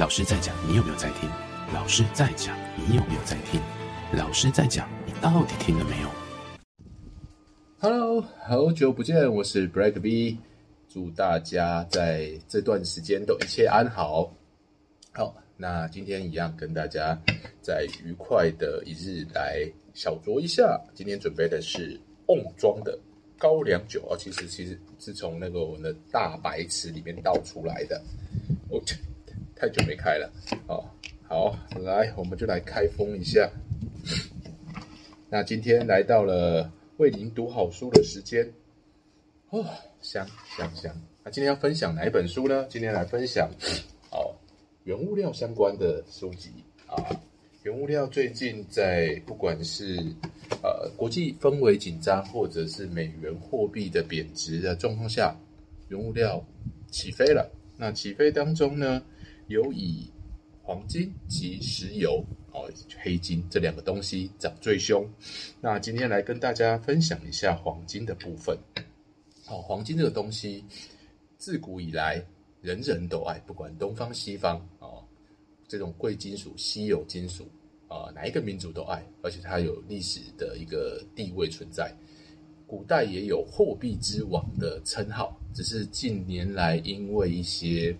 老師在講，你有沒有在聽？老師在講，你有沒有在聽？老師在講，你到底聽了沒有？Hello，好久不見，我是、Black、b r a g b y 祝大家在這段時間都一切安好。好，那今天一樣跟大家在愉快的一日來小酌一下。今天準備的是瓮裝的高粱酒啊、哦，其實其實是從那個我們的大白瓷裡面倒出來的。我、哦。太久沒開了，哦，好，來，我們就來開封一下。那今天來到了為您讀好書的時間哦，香香香。那今天要分享哪一本書呢？今天來分享哦，原物料相關的書籍啊。原物料最近在不管是呃國際氛圍緊張，或者是美元貨幣的貶值的狀況下，原物料起飛了。那起飛當中呢？尤以黃金及石油哦，黑金這兩個東西漲最凶。那今天來跟大家分享一下黃金的部分哦。黃金這個東西自古以來人人都愛，不管東方西方哦，這種貴金屬、稀有金屬啊，哦，哪一個民族都愛，而且它有歷史的一個地位存在。古代也有貨幣之王的稱號，只是近年來因為一些。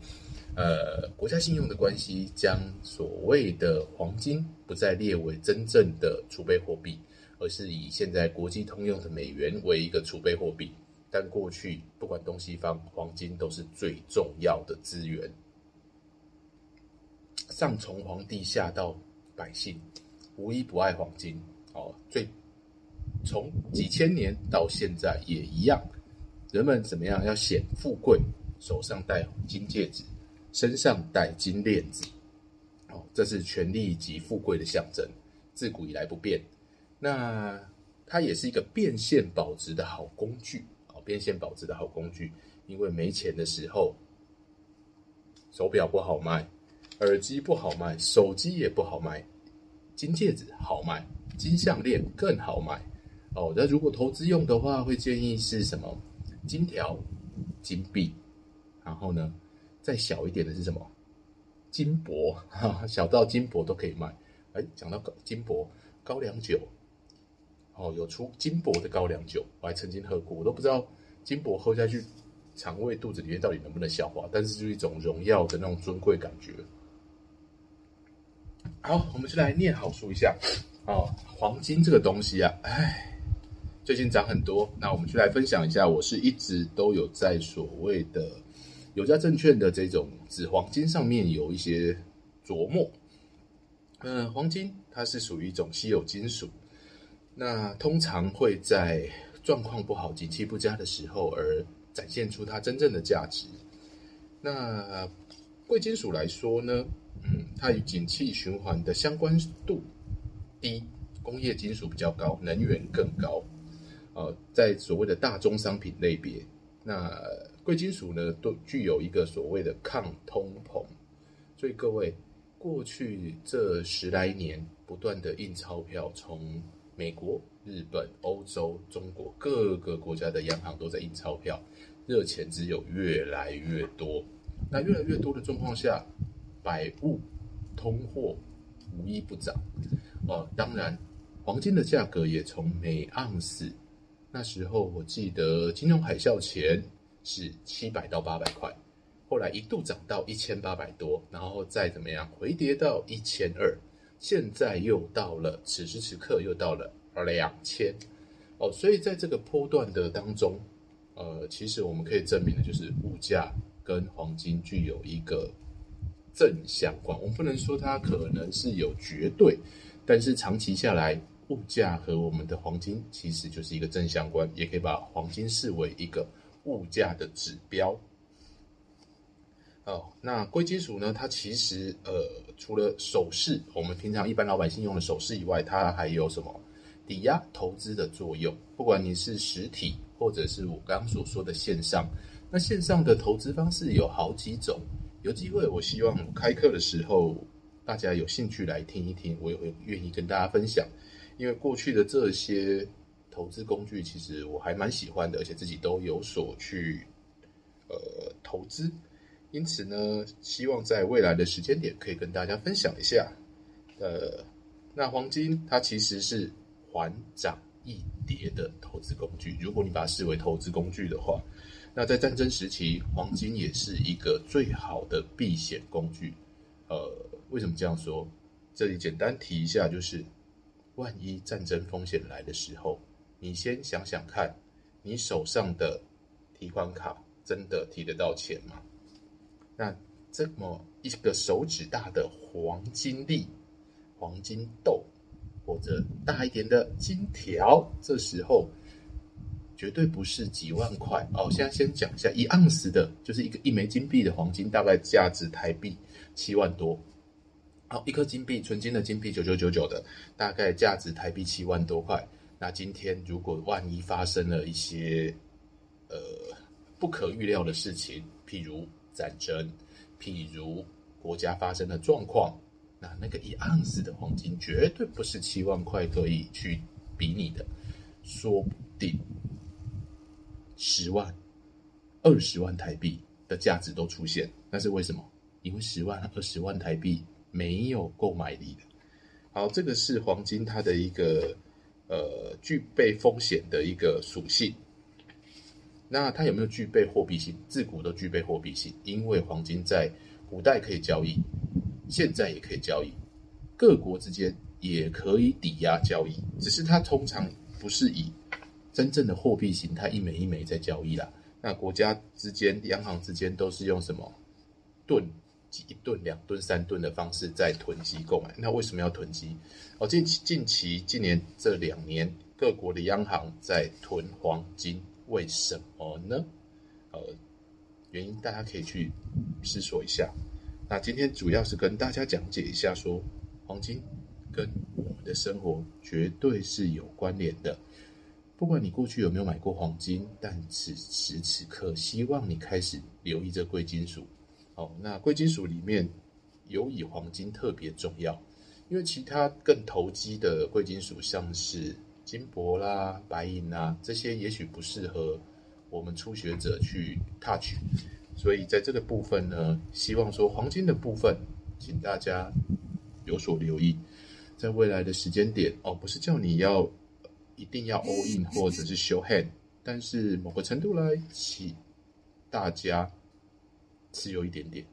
呃，國家信用的關係，將所謂的黃金不再列為真正的儲備貨幣，而是以現在國際通用的美元為一個儲備貨幣。但過去不管東西方，黃金都是最重要的資源。上從皇帝，下到百姓，無一不愛黃金。哦，最從幾千年到現在也一樣，人們怎麼樣要顯富貴，手上戴金戒指。身上戴金鏈子，哦，這是權力及富貴的象徵，自古以來不變。那它也是一個變現保值的好工具，哦，變現保值的好工具。因為沒錢的時候，手表不好賣，耳機不好賣，手機也不好賣，金戒指好賣，金項鏈更好賣。哦，那如果投資用的話，會建議是什麼？金條、金幣，然後呢？再小一點的是什麼？金箔哈，小到金箔都可以賣。哎，講到高金箔高粱酒，哦，有出金箔的高粱酒，我還曾經喝過，我都不知道金箔喝下去腸胃肚子裡面到底能不能消化，但是就是一種榮耀的那種尊貴感覺。好，我們就來念好書一下啊，哦，黃金這個東西啊，哎，最近漲很多，那我們就來分享一下，我是一直都有在所謂的。有價證券的這種紙黃金上面有一些琢磨。嗯，黃金它是屬於一種稀有金屬，那通常會在狀況不好、景氣不佳的時候而展現出它真正的價值。那貴金屬來說呢，嗯，它與景氣循環的相關度低，工業金屬比較高，能源更高。呃、在所謂的大宗商品類別那。貴金屬呢，都具有一個所謂的抗通膨，所以各位，過去這十來年不斷的印鈔票，從美國、日本、歐洲、中國各個國家的央行都在印鈔票，熱錢只有越來越多。那越來越多的狀況下，百物通貨無一不漲，呃，當然黃金的價格也從每盎司，那時候我記得金融海嘯前，是七百到八百塊，後來一度漲到一千八百多，然後再怎麼樣回跌到一千二，現在又到了，此時此刻又到了兩千哦。所以在這個波段的當中，呃，其實我們可以證明的就是物價跟黃金具有一個正相關。我們不能說它可能是有絕對，但是長期下來，物價和我們的黃金其實就是一個正相關，也可以把黃金視為一個。物價的指標。哦，那貴金屬呢？它其實呃，除了首飾，我們平常一般老百姓用的首飾以外，它還有什麼抵押投資的作用？不管你是實體或者是我剛所說的線上，那線上的投資方式有好幾種。有機會，我希望開課的時候大家有興趣來聽一聽，我也會願意跟大家分享，因為過去的這些。投資工具其實我還蠻喜歡的，而且自己都有所去呃投資，因此呢，希望在未來的時間點可以跟大家分享一下。呃，那黃金它其實是還漲一跌的投資工具。如果你把它視為投資工具的話，那在戰爭時期，黃金也是一個最好的避險工具。呃，為什麼這樣說？這裡簡單提一下，就是萬一戰爭風險來的時候。你先想想看，你手上的提款卡真的提得到錢嗎？那這麼一個手指大的黃金粒、黃金豆，或者大一點的金條，這時候絕對不是幾萬塊。好、哦，現在先講一下，一盎司的，就是一個一枚金幣的黃金，大概價值台幣七萬多。好、哦，一顆金幣，純金的金幣，九九九九的，大概價值台幣七萬多塊。那今天如果萬一發生了一些呃不可預料的事情，譬如戰爭，譬如國家發生的狀況，那那個一盎司的黃金絕對不是七萬塊可以去比擬的，說不定十萬、二十萬台幣的價值都出現，那是為什麼？因為十萬、二十萬台幣沒有購買力的。好，這個是黃金它的一個。呃，具備風險的一個屬性，那它有沒有具備貨幣性？自古都具備貨幣性，因為黃金在古代可以交易，現在也可以交易，各國之間也可以抵押交易，只是它通常不是以真正的貨幣形態一枚一枚在交易啦。那國家之間、央行之間都是用什麼盾？一噸、兩噸、三噸的方式在囤積購買，那為什麼要囤積？哦，近期、近期、近年這兩年，各國的央行在囤黃金，為什麼呢？呃，原因大家可以去思索一下。那今天主要是跟大家講解一下說，說黃金跟我們的生活絕對是有關聯的。不管你過去有沒有買過黃金，但此時此,此刻，希望你開始留意這貴金屬。好、哦，那貴金屬裡面，尤以黃金特別重要，因為其他更投機的貴金屬，像是金箔啦、白銀啦、啊，這些也許不適合我們初學者去 touch。所以在這個部分呢，希望說黃金的部分，請大家有所留意，在未來的時間點，哦，不是叫你要一定要 all in 或者是 show hand，但是某個程度來，請大家。持有一點點，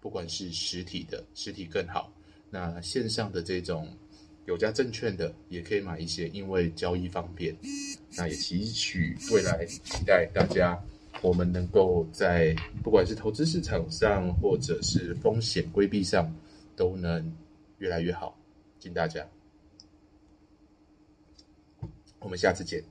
不管是實體的，實體更好。那線上的這種，有價證券的也可以買一些，因為交易方便。那也提取未來，期待大家，我們能夠在不管是投資市場上，或者是風險規避上，都能越來越好。敬大家，我們下次見。